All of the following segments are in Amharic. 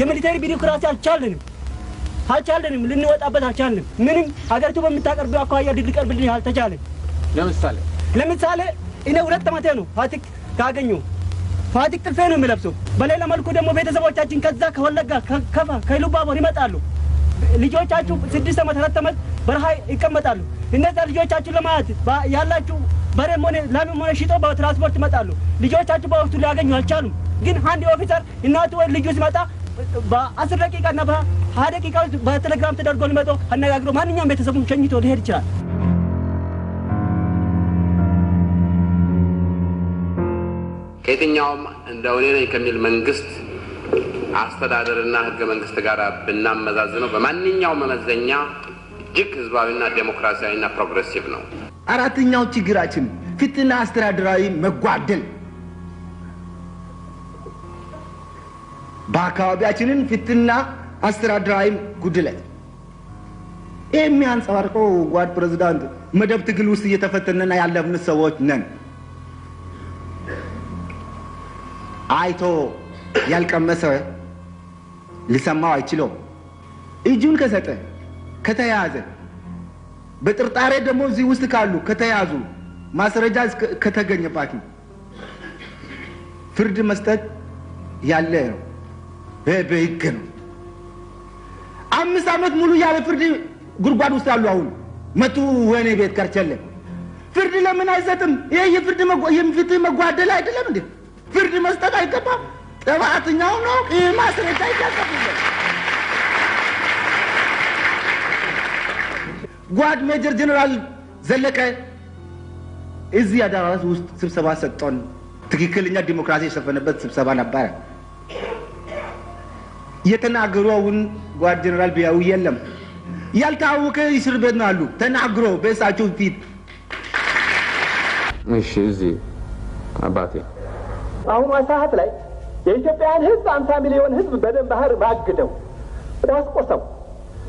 የሚሊተሪ ቢሮክራሲ አልቻለንም አልቻለንም ልንወጣበት አልቻለንም። ምንም ሀገሪቱ በምታቀርበው አኳያ ሊቀርብልን አልተቻለም። ለምሳሌ ለምሳሌ እኔ ሁለት ዓመቴ ነው ፋቲክ ካገኘ ፋቲክ ጥልፌ ነው የሚለብሰው። በሌላ መልኩ ደግሞ ቤተሰቦቻችን ከዛ ከወለጋ ከፋ ከኢሉባቦር ይመጣሉ። ልጆቻችሁ ስድስት ዓመት አራት ዓመት በረሃ ይቀመጣሉ። እነዛ ልጆቻችሁ ለማየት ያላችሁ በሬም ሆነ ላምም ሆነ ሽጦ በትራንስፖርት ይመጣሉ። ልጆቻችሁ በወቅቱ ሊያገኙ አልቻሉም። ግን አንድ ኦፊሰር እናቱ ወይ ልጁ ሲመጣ በአስር ደቂቃ ደቂቃና በሀያ ደቂቃ ውስጥ በቴሌግራም ተደርጎ ሊመጣ አነጋግሮ ማንኛውም ቤተሰቡን ሸኝቶ ሊሄድ ይችላል። ከየትኛውም እንደ እኔ ነኝ ከሚል መንግስት አስተዳደርና ህገ መንግስት ጋር ብናመዛዝነው በማንኛውም መመዘኛ እጅግ ህዝባዊና ዴሞክራሲያዊና ፕሮግሬሲቭ ነው። አራተኛው ችግራችን ፍትህና አስተዳደራዊ መጓደል በአካባቢያችንን ፍትና አስተዳደራዊም ጉድለት ይህ የሚያንጸባርቀው ጓድ ፕሬዚዳንት መደብ ትግል ውስጥ እየተፈተነና ያለብን ሰዎች ነን። አይቶ ያልቀመሰ ሊሰማው አይችለውም። እጁን ከሰጠ ከተያዘ፣ በጥርጣሬ ደግሞ እዚህ ውስጥ ካሉ ከተያዙ፣ ማስረጃ ከተገኘባችሁ ፍርድ መስጠት ያለ ነው። በህግ ነው። አምስት ዓመት ሙሉ ያለ ፍርድ ጉድጓድ ውስጥ አሉ። አሁን መጡ ወህኒ ቤት ከርቸለ ፍርድ ለምን አይሰጥም? ይህ የፍርድ የፍትህ መጓደል አይደለም እንዴ? ፍርድ መስጠት አይገባም? ጥፋተኛው ነው። ይህ ማስረጃ ይታቀፍበት። ጓድ ሜጀር ጀኔራል ዘለቀ እዚህ አዳራሽ ውስጥ ስብሰባ ሰጥቶን ትክክለኛ ዲሞክራሲ የሰፈነበት ስብሰባ ነበረ። የተናገሩውን ጓድ ጀነራል ቢያው የለም። ያልታወቀ እስር ቤት ነው አሉ ተናግሮ በእሳቸው ፊት። እሺ እዚህ አባቴ አሁኗ ሰዓት ላይ የኢትዮጵያን ህዝብ አምሳ ሚሊዮን ህዝብ በደም ባህር ማግደው ዳስቆሰው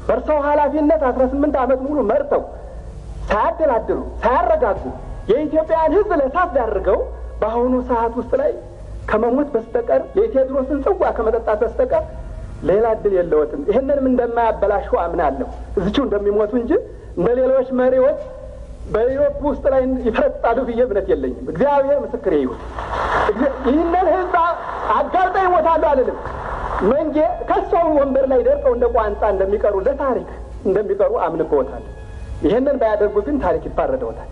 በእርሰው ኃላፊነት አስራ ስምንት ዓመት ሙሉ መርተው ሳያደላድሉ ሳያረጋጉ የኢትዮጵያን ህዝብ ለእሳት ዳርገው በአሁኑ ሰዓት ውስጥ ላይ ከመሞት በስተቀር የቴዎድሮስን ጽዋ ከመጠጣት በስተቀር ሌላ እድል የለወትም። ይህንንም እንደማያበላሹ አምናለሁ። እዚቹ እንደሚሞቱ እንጂ እንደ ሌሎች መሪዎች በኢሮፕ ውስጥ ላይ ይፈረጣሉ ብዬ እምነት የለኝም። እግዚአብሔር ምስክር ይሁን። ይህንን ህዝብ አጋልጠው ይሞታሉ አልልም። መንጌ ከሰው ወንበር ላይ ደርቀው እንደ ቋንጣ እንደሚቀሩ ለታሪክ እንደሚቀሩ አምንበታለሁ። ይህንን ባያደርጉ ግን ታሪክ ይፋረደውታል።